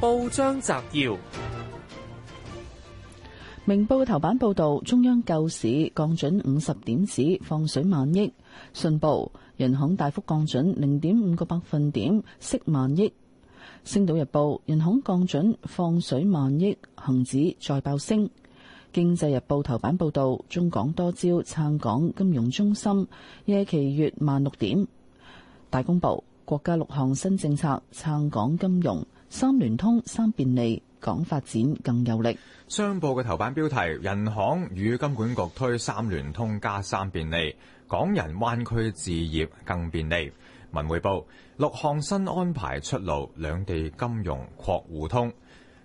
報章摘要：明報頭版報道，中央救市降準五十點子，放水萬億；信報人行大幅降準零點五個百分點，釋萬億；星島日報人行降準放水萬億，恒指再爆升。經濟日報頭版報道，中港多招撐港金融中心，夜期月萬六點。大公報國家六項新政策撐港金融。三聯通三便利，港發展更有力。商報嘅頭版標題：人行與金管局推三聯通加三便利，港人灣區置業更便利。文匯報六項新安排出爐，兩地金融擴互通。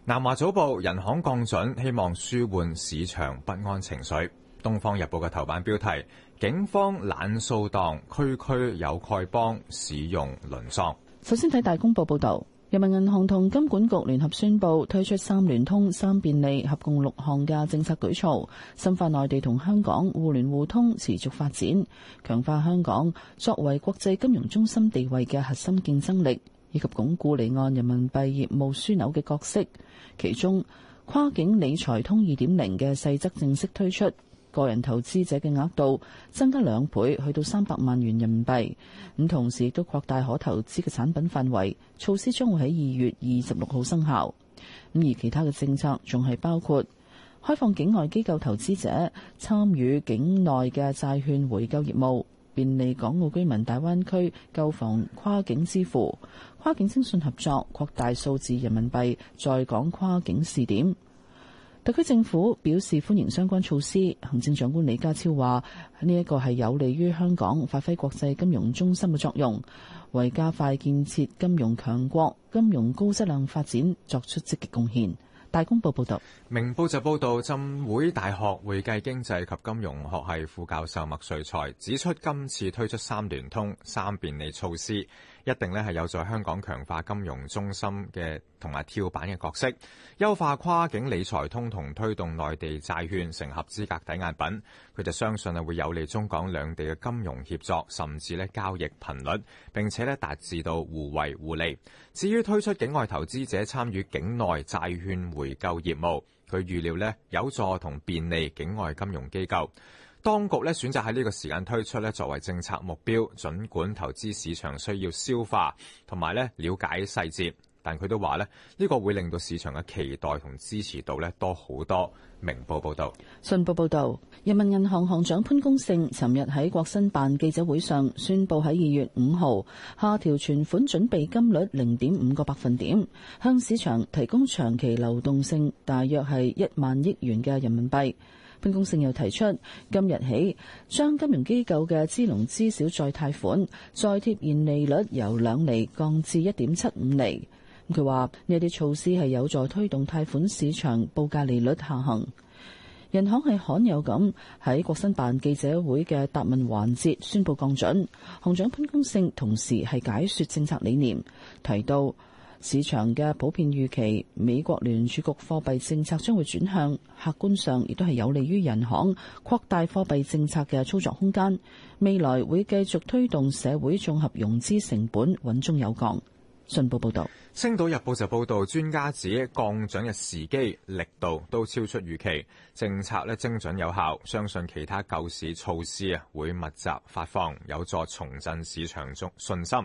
南華早報人行降準，希望舒緩市場不安情緒。東方日報嘅頭版標題：警方懶掃蕩，區區有丐幫，市容淪喪。首先睇大公報報道。人民銀行同金管局聯合宣佈推出三聯通、三便利，合共六項嘅政策舉措，深化內地同香港互聯互通持續發展，強化香港作為國際金融中心地位嘅核心競爭力，以及鞏固離岸人民幣業務樞紐嘅角色。其中，跨境理財通二點零嘅細則正式推出。個人投資者嘅額度增加兩倍，去到三百萬元人民幣。咁同時亦都擴大可投資嘅產品範圍。措施將會喺二月二十六號生效。咁而其他嘅政策仲係包括開放境外機構投資者參與境內嘅債券回購業務，便利港澳居民大灣區購房跨境支付，跨境徵信合作，擴大數字人民幣在港跨境試點。特區政府表示歡迎相關措施。行政長官李家超話呢一個係有利於香港發揮國際金融中心嘅作用，為加快建設金融強國、金融高質量發展作出積極貢獻。大公報報道。明報就報道，浸會大學會計經濟及金融學系副教授麥瑞才指出，今次推出三聯通、三便利措施。一定咧係有助香港強化金融中心嘅同埋跳板嘅角色，優化跨境理財通同推動內地債券成合資格抵押品，佢就相信會有利中港兩地嘅金融協作，甚至咧交易頻率，並且咧達至到互惠互利。至於推出境外投資者參與境內債券回購業務，佢預料有助同便利境外金融機構。當局咧選擇喺呢個時間推出呢作為政策目標，儘管投資市場需要消化同埋呢了解細節，但佢都話呢呢個會令到市場嘅期待同支持度呢多好多。明報報道，信報報道，人民銀行行長潘功勝尋日喺國新辦記者會上宣佈喺二月五號下調存款準備金率零點五個百分點，向市場提供長期流動性大約係一萬億元嘅人民幣。潘功勝又提出，今日起將金融機構嘅支農支小再貸款再貼現利率由兩厘降至一點七五厘。佢話呢啲措施係有助推動貸款市場報價利率下行。人行係罕有咁喺國新辦記者會嘅答問環節宣佈降準。行長潘功勝同時係解說政策理念，提到，市場嘅普遍預期，美國聯儲局貨幣政策將會轉向，客觀上亦都係有利於人行擴大貨幣政策嘅操作空間，未來會繼續推動社會綜合融資成本穩中有降。.信報報導，《青島日報》就報道，專家指降準嘅時機、力度都超出預期，政策咧精準有效，相信其他救市措施啊會密集發放，有助重振市場中信心。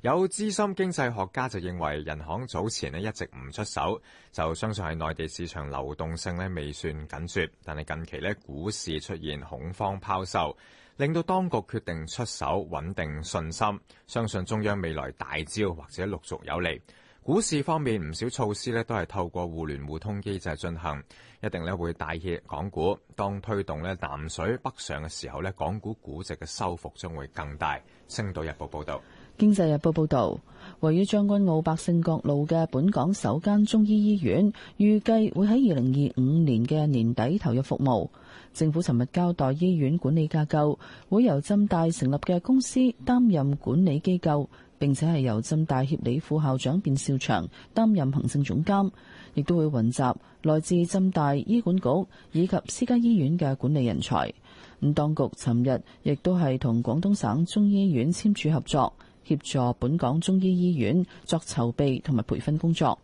有資深經濟學家就認為，人行早前咧一直唔出手，就相信係內地市場流動性咧未算緊缺，但係近期咧股市出現恐慌拋售。令到當局決定出手穩定信心，相信中央未來大招或者陸續有嚟。股市方面唔少措施都係透過互聯互通機制進行，一定咧會帶挈港股。當推動咧南水北上嘅時候，港股估值嘅收復將會更大。星島日報報道。經濟日報報道，位於將軍澳百勝角路嘅本港首間中醫醫院，預計會喺二零二五年嘅年底投入服務。政府尋日交代，醫院管理架構會由浸大成立嘅公司擔任管理機構，並且係由浸大協理副校長卞少祥擔任行政總監，亦都會雲集來自浸大醫管局以及私家醫院嘅管理人才。咁當局尋日亦都係同廣東省中醫院簽署合作。協助本港中醫醫院作籌備同埋培訓工作。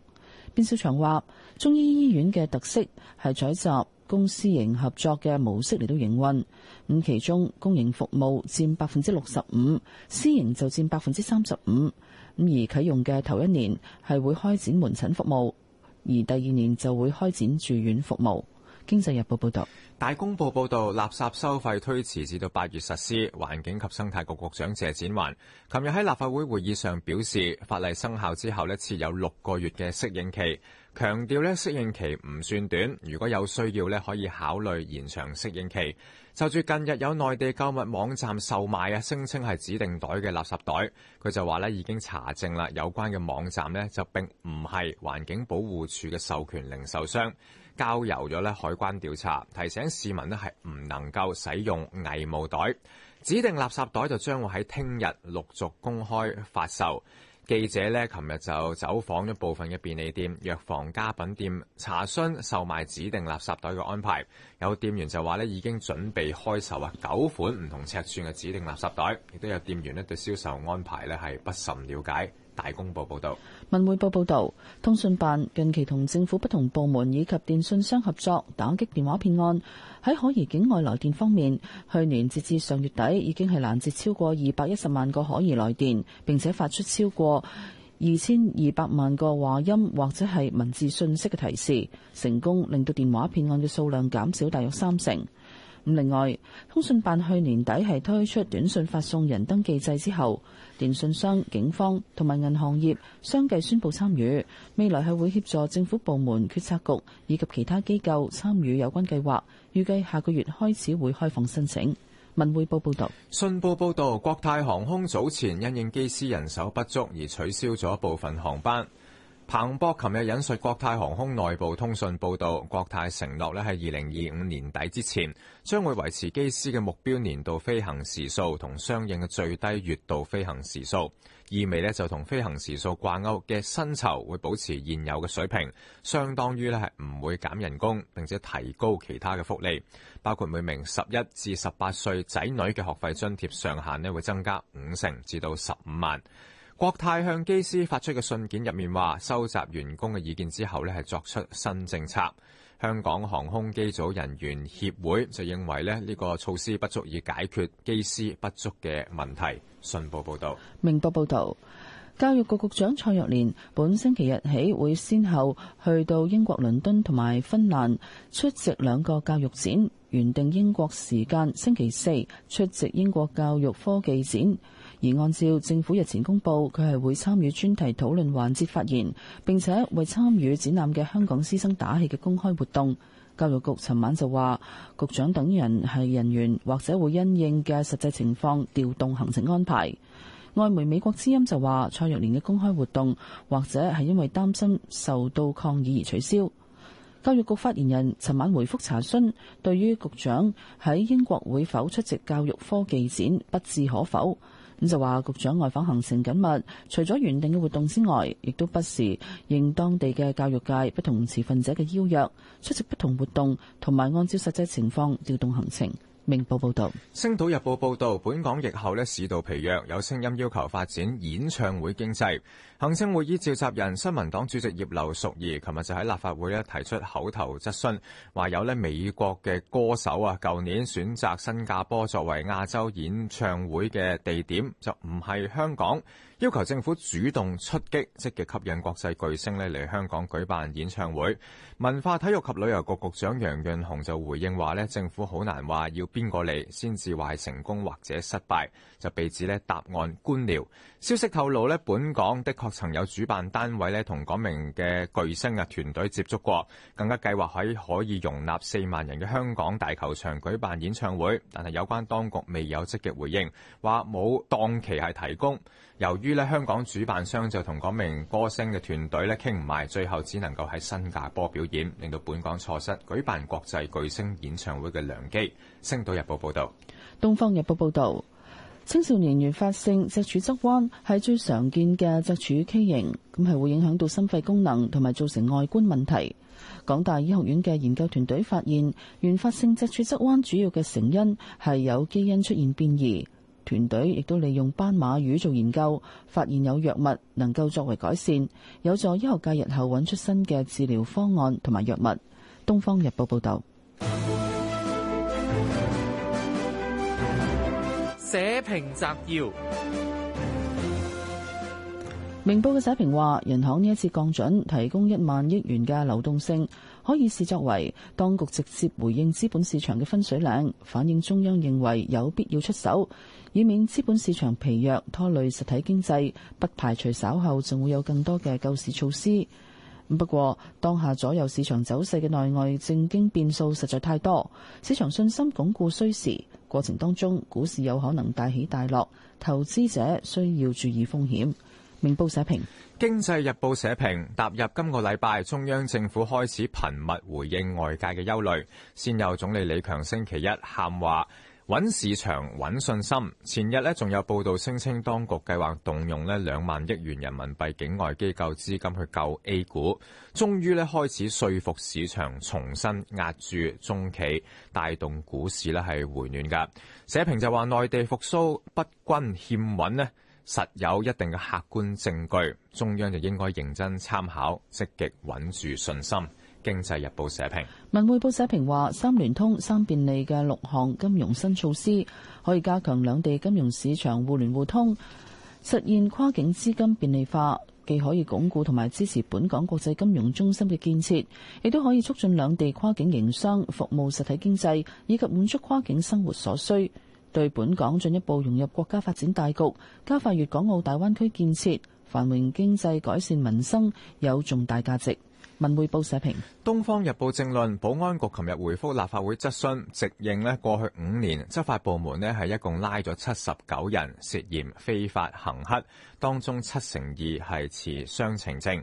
卞兆祥話：中醫醫院嘅特色係採集公私營合作嘅模式嚟到營運。咁其中公營服務佔百分之六十五，私營就佔百分之三十五。咁而啟用嘅頭一年係會開展門診服務，而第二年就會開展住院服務。經濟日報報道，大公報報道，垃圾收費推遲至到八月實施。環境及生態局局長謝展寰琴日喺立法會會議上表示，法例生效之後咧，設有六個月嘅適應期，強調咧適應期唔算短，如果有需要咧可以考慮延長適應期。就住近日有內地購物網站售賣啊，聲稱係指定袋嘅垃圾袋，佢就話咧已經查證啦，有關嘅網站咧就並唔係環境保護署嘅授權零售商。交由咗咧海關調查，提醒市民咧係唔能夠使用偽冒袋。指定垃圾袋就將會喺聽日陸續公開發售。記者呢，琴日就走訪咗部分嘅便利店、藥房、家品店，查詢售賣指定垃圾袋嘅安排。有店員就話已經準備開售啊九款唔同尺寸嘅指定垃圾袋，亦都有店員咧對銷售安排咧係不甚了解。大公報報導，文匯報報導，通訊辦近期同政府不同部門以及電信商合作，打擊電話騙案，喺可疑境外來電方面，去年截至上月底已經係攔截超過二百一十萬個可疑來電，並且發出超過二千二百萬個話音或者係文字訊息嘅提示，成功令到電話騙案嘅數量減少大約三成。咁另外，通訊辦去年底係推出短信發送人登記制之後，電信商、警方同埋銀行業相繼宣布參與，未來係會協助政府部門、決策局以及其他機構參與有關計劃。預計下個月開始會開放申請。文匯報報道，信報報道，國泰航空早前因應機師人手不足而取消咗部分航班。彭博琴日引述國泰航空內部通訊報導，國泰承諾咧喺二零二五年底之前，將會維持機師嘅目標年度飛行時數同相應嘅最低月度飛行時數，意味呢就同飛行時數掛鈎嘅薪酬會保持現有嘅水平，相當於咧係唔會減人工，並且提高其他嘅福利，包括每名十一至十八歲仔女嘅學費津貼上限呢會增加五成至到十五萬。國泰向機師發出嘅信件入面話，收集員工嘅意見之後呢係作出新政策。香港航空機組人員協會就認為咧，呢、呢個措施不足以解決機師不足嘅問題。信報報道，明報報道，教育局局長蔡若蓮本星期日起會先後去到英國倫敦同埋芬蘭出席兩個教育展，原定英國時間星期四出席英國教育科技展。而按照政府日前公布，佢係會參與專題討論環節發言，並且為參與展覽嘅香港師生打氣嘅公開活動，教育局尋晚就話局長等人係人員或者會因應嘅實際情況調動行程安排。外媒美國之音就話蔡若蓮嘅公開活動或者係因為擔心受到抗議而取消。教育局發言人尋晚回覆查詢對於局長喺英國會否出席教育科技展，不置可否。咁就話，局長外訪行程緊密，除咗原定嘅活動之外，亦都不時應當地嘅教育界不同持份者嘅邀約，出席不同活動，同埋按照實際情況調動行程。明報報導，《星島日報》報道：本港疫後呢市道疲弱，有聲音要求發展演唱會經濟。行政會議召集人、新民黨主席葉劉淑儀琴日就喺立法會提出口頭質詢，話有呢美國嘅歌手啊，舊年選擇新加坡作為亞洲演唱會嘅地點，就唔係香港。要求政府主動出擊，積極吸引國際巨星咧嚟香港舉辦演唱會。文化體育及旅遊局局長楊潤雄就回應話咧，政府好難話要邊個嚟先至話係成功或者失敗，就被指咧答案官僚。消息透露咧，本港的確曾有主辦單位咧同嗰名嘅巨星啊團隊接觸過，更加計劃喺可以容納四萬人嘅香港大球場舉辦演唱會，但係有關當局未有積極回應，話冇檔期係提供。由於。於呢，香港主辦商就同嗰名歌星嘅團隊呢傾唔埋，最後只能夠喺新加坡表演，令到本港錯失舉辦國際巨星演唱會嘅良機。星島日報報道。東方日報報道，青少年原發性脊柱側彎係最常見嘅脊柱畸形，咁係會影響到心肺功能同埋造成外觀問題。港大醫學院嘅研究團隊發現，原發性脊柱側彎主要嘅成因係有基因出現變異。團隊亦都利用斑馬魚做研究，發現有藥物能夠作為改善，有助醫學界日後揾出新嘅治療方案同埋藥物。東方日報報道。社評摘要：明報嘅社評話，人行呢一次降準提供一萬億元嘅流動性。可以視作為當局直接回應資本市場嘅分水嶺，反映中央認為有必要出手，以免資本市場疲弱拖累實體經濟。不排除稍後仲會有更多嘅救市措施。不過當下左右市場走勢嘅內外政經變數實在太多，市場信心鞏固需時，過程當中股市有可能大起大落，投資者需要注意風險。明報社評。經濟日報社評，踏入今個禮拜，中央政府開始頻密回應外界嘅憂慮。先有總理李強星期一喊話，穩市場、穩信心。前日呢，仲有報道聲稱當局計劃動用兩萬億元人民幣境外機構資金去救 A 股，終於開始說服市場重新壓住中企，帶動股市咧係回暖嘅。社評就話內地復蘇不均欠穩呢實有一定嘅客觀證據，中央就應該認真參考，積極穩住信心。經濟日報社評，文匯報社評話，三聯通、三便利嘅六項金融新措施，可以加強兩地金融市場互聯互通，實現跨境資金便利化，既可以鞏固同埋支持本港國際金融中心嘅建設，亦都可以促進兩地跨境營商、服務實體經濟以及滿足跨境生活所需。對本港進一步融入國家發展大局、加快粵港澳大灣區建設、繁榮經濟、改善民生有重大價值。文匯報社評，《東方日報》正論，保安局琴日回覆立法會質詢，直認呢，過去五年執法部門呢，係一共拉咗七十九人涉嫌非法行乞，當中七成二係持雙程證。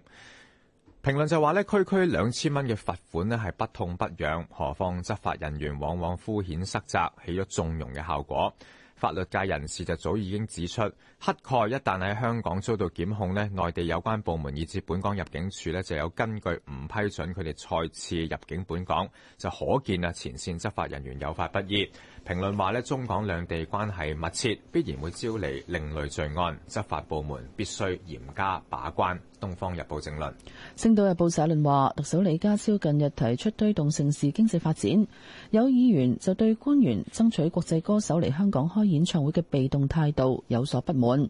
評論就話咧，區區兩千蚊嘅罰款呢係不痛不癢，何況執法人員往往敷衍塞責，起咗縱容嘅效果。法律界人士就早已經指出，乞丐一旦喺香港遭到檢控咧，內地有關部門以至本港入境處咧就有根據唔批准佢哋再次入境本港，就可見啊前線執法人員有法不依。評論話咧，中港兩地關係密切，必然會招嚟另類罪案，執法部門必須嚴加把關。東方日報政論，星島日報社論話，特首李家超近日提出推動城市經濟發展，有議員就對官員爭取國際歌手嚟香港開。演唱會嘅被動態度有所不滿，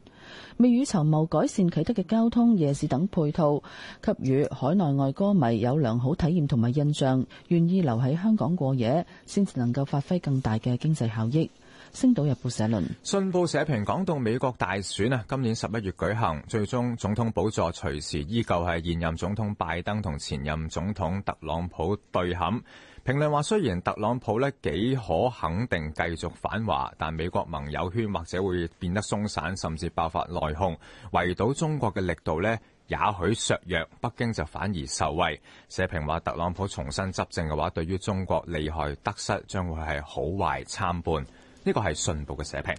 未雨綢繆改善，啟德嘅交通、夜市等配套，給予海內外歌迷有良好體驗同埋印象，願意留喺香港過夜，先至能夠發揮更大嘅經濟效益。星島日報社論，信報社評講到美國大選啊，今年十一月舉行，最終總統寶座隨時依舊係現任總統拜登同前任總統特朗普對撼。評論話，雖然特朗普咧幾可肯定繼續反華，但美國盟友圈或者會變得鬆散，甚至爆發內訌，圍堵中國嘅力度咧，也許削弱，北京就反而受惠。社評話，特朗普重新執政嘅話，對於中國利害得失，將會係好壞參半。呢、這個係信報嘅社評。